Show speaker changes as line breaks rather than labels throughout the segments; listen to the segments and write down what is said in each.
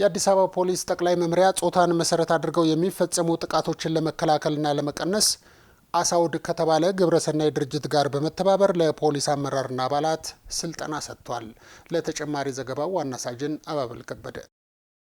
የአዲስ አበባ ፖሊስ ጠቅላይ መምሪያ ጾታን መሰረት አድርገው የሚፈጸሙ ጥቃቶችን ለመከላከልና ለመቀነስ አሳውድ ከተባለ ግብረሰናይ ድርጅት ጋር በመተባበር ለፖሊስ አመራርና አባላት ስልጠና ሰጥቷል። ለተጨማሪ ዘገባው ዋና ሳጅን አባበል ከበደ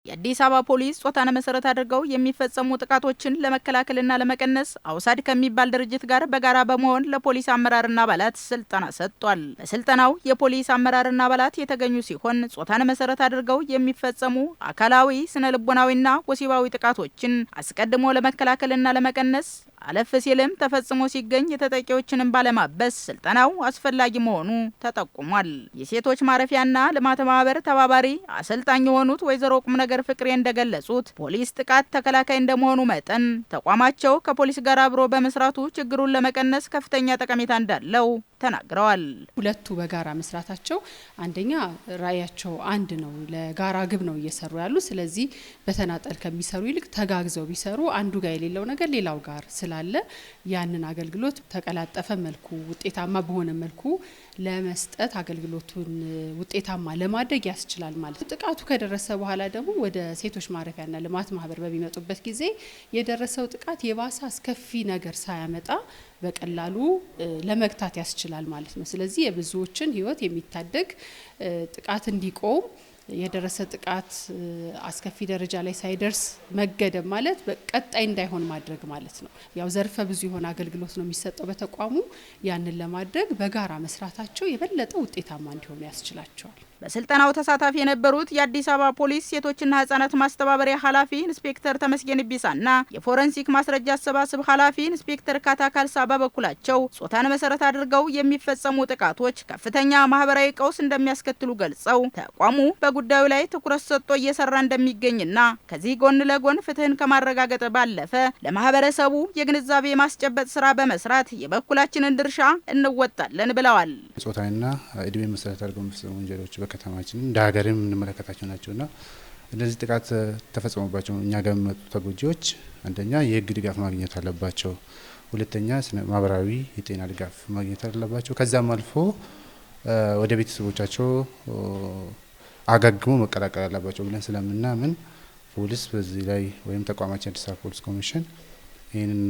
የአዲስ አበባ ፖሊስ ጾታን መሰረት አድርገው የሚፈጸሙ ጥቃቶችን ለመከላከልና ለመቀነስ አውሳድ ከሚባል ድርጅት ጋር በጋራ በመሆን ለፖሊስ አመራርና አባላት ስልጠና ሰጥቷል። በስልጠናው የፖሊስ አመራርና አባላት የተገኙ ሲሆን ጾታን መሰረት አድርገው የሚፈጸሙ አካላዊ፣ ስነ ልቦናዊና ወሲባዊ ጥቃቶችን አስቀድሞ ለመከላከልና ለመቀነስ አለፍ ሲልም ተፈጽሞ ሲገኝ የተጠቂዎችንም ባለማበስ ስልጠናው አስፈላጊ መሆኑ ተጠቁሟል። የሴቶች ማረፊያና ልማት ማህበር ተባባሪ አሰልጣኝ የሆኑት ወይዘሮ ቁም ነገር ፍቅሬ እንደገለጹት ፖሊስ ጥቃት ተከላካይ እንደመሆኑ መጠን ተቋማቸው ከፖሊስ ጋር አብሮ በመስራቱ ችግሩን ለመቀነስ ከፍተኛ ጠቀሜታ እንዳለው ተናግረዋል።
ሁለቱ በጋራ መስራታቸው አንደኛ ራዕያቸው አንድ ነው፣ ለጋራ ግብ ነው እየሰሩ ያሉ። ስለዚህ በተናጠል ከሚሰሩ ይልቅ ተጋግዘው ቢሰሩ አንዱ ጋር የሌለው ነገር ሌላው ጋር ስለ ስላለ ያንን አገልግሎት ተቀላጠፈ መልኩ ውጤታማ በሆነ መልኩ ለመስጠት አገልግሎቱን ውጤታማ ለማድረግ ያስችላል ማለት ነው። ጥቃቱ ከደረሰ በኋላ ደግሞ ወደ ሴቶች ማረፊያና ልማት ማህበር በሚመጡበት ጊዜ የደረሰው ጥቃት የባሰ አስከፊ ነገር ሳያመጣ በቀላሉ ለመግታት ያስችላል ማለት ነው። ስለዚህ የብዙዎችን ህይወት የሚታደግ ጥቃት እንዲቆም የደረሰ ጥቃት አስከፊ ደረጃ ላይ ሳይደርስ መገደብ ማለት በቀጣይ እንዳይሆን ማድረግ ማለት ነው። ያው ዘርፈ ብዙ የሆነ አገልግሎት ነው የሚሰጠው በተቋሙ። ያንን ለማድረግ በጋራ መስራታቸው የበለጠ ውጤታማ እንዲሆኑ ያስችላቸዋል።
በስልጠናው ተሳታፊ የነበሩት የአዲስ አበባ ፖሊስ ሴቶችና ህጻናት ማስተባበሪያ ኃላፊ ኢንስፔክተር ተመስገን ቢሳና የፎረንሲክ ማስረጃ አሰባስብ ኃላፊ ኢንስፔክተር ካልሳ በበኩላቸው ጾታን መሰረት አድርገው የሚፈጸሙ ጥቃቶች ከፍተኛ ማህበራዊ ቀውስ እንደሚያስከትሉ ገልጸው ተቋሙ በጉዳዩ ላይ ትኩረት ሰጥቶ እየሰራ እንደሚገኝና ከዚህ ጎን ለጎን ፍትህን ከማረጋገጥ ባለፈ ለማህበረሰቡ የግንዛቤ የማስጨበጥ ስራ በመስራት የበኩላችንን ድርሻ እንወጣለን ብለዋል።
ጾታዊና እድሜ መሰረት አድርገው የሚፈጸሙ ወንጀሎች ከተማችን እንደ ሀገርም የምንመለከታቸው ናቸውና እነዚህ ጥቃት ተፈጽሞባቸው እኛ ጋር የሚመጡ ተጎጂዎች አንደኛ የህግ ድጋፍ ማግኘት አለባቸው፣ ሁለተኛ ማህበራዊ የጤና ድጋፍ ማግኘት አለባቸው። ከዛም አልፎ ወደ ቤተሰቦቻቸው አጋግሞ መቀላቀል አለባቸው ብለን ስለምናምን ፖሊስ በዚህ ላይ ወይም ተቋማችን አዲስ አበባ ፖሊስ ኮሚሽን ይህንን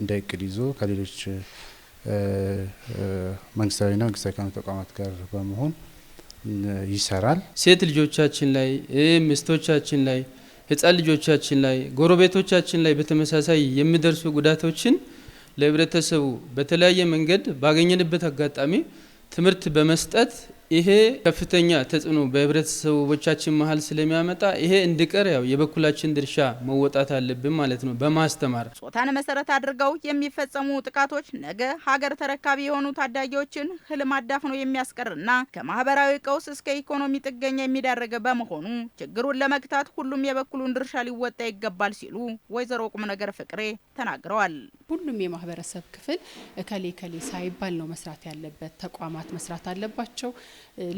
እንደ እቅድ ይዞ ከሌሎች መንግስታዊና መንግስታዊ ካልሆኑ ተቋማት ጋር በመሆን ይሰራል።
ሴት ልጆቻችን ላይ ሚስቶቻችን ላይ ህፃን ልጆቻችን ላይ ጎረቤቶቻችን ላይ በተመሳሳይ የሚደርሱ ጉዳቶችን ለህብረተሰቡ በተለያየ መንገድ ባገኘንበት አጋጣሚ ትምህርት በመስጠት ይሄ ከፍተኛ ተጽዕኖ በህብረተሰቦቻችን መሀል ስለሚያመጣ ይሄ እንድቀር ያው የበኩላችን ድርሻ መወጣት አለብን ማለት ነው። በማስተማር
ጾታን መሰረት አድርገው የሚፈጸሙ ጥቃቶች ነገ ሀገር ተረካቢ የሆኑ ታዳጊዎችን ህልም አዳፍኖ የሚያስቀርና ከማህበራዊ ቀውስ እስከ ኢኮኖሚ ጥገኛ የሚዳረገ በመሆኑ ችግሩን ለመግታት ሁሉም የበኩሉን ድርሻ ሊወጣ ይገባል ሲሉ ወይዘሮ ቁም ነገር ፍቅሬ ተናግረዋል።
ሁሉም የማህበረሰብ ክፍል እከሌ እከሌ ሳይባል ነው መስራት ያለበት። ተቋማት መስራት አለባቸው።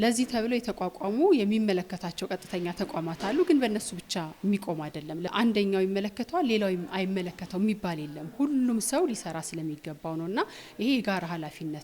ለዚህ ተብለው የተቋቋሙ የሚመለከታቸው ቀጥተኛ ተቋማት አሉ። ግን በእነሱ ብቻ የሚቆም አይደለም። አንደኛው ይመለከተዋል፣ ሌላው አይመለከተው የሚባል የለም። ሁሉም ሰው ሊሰራ ስለሚገባው ነው እና ይሄ የጋራ ኃላፊነት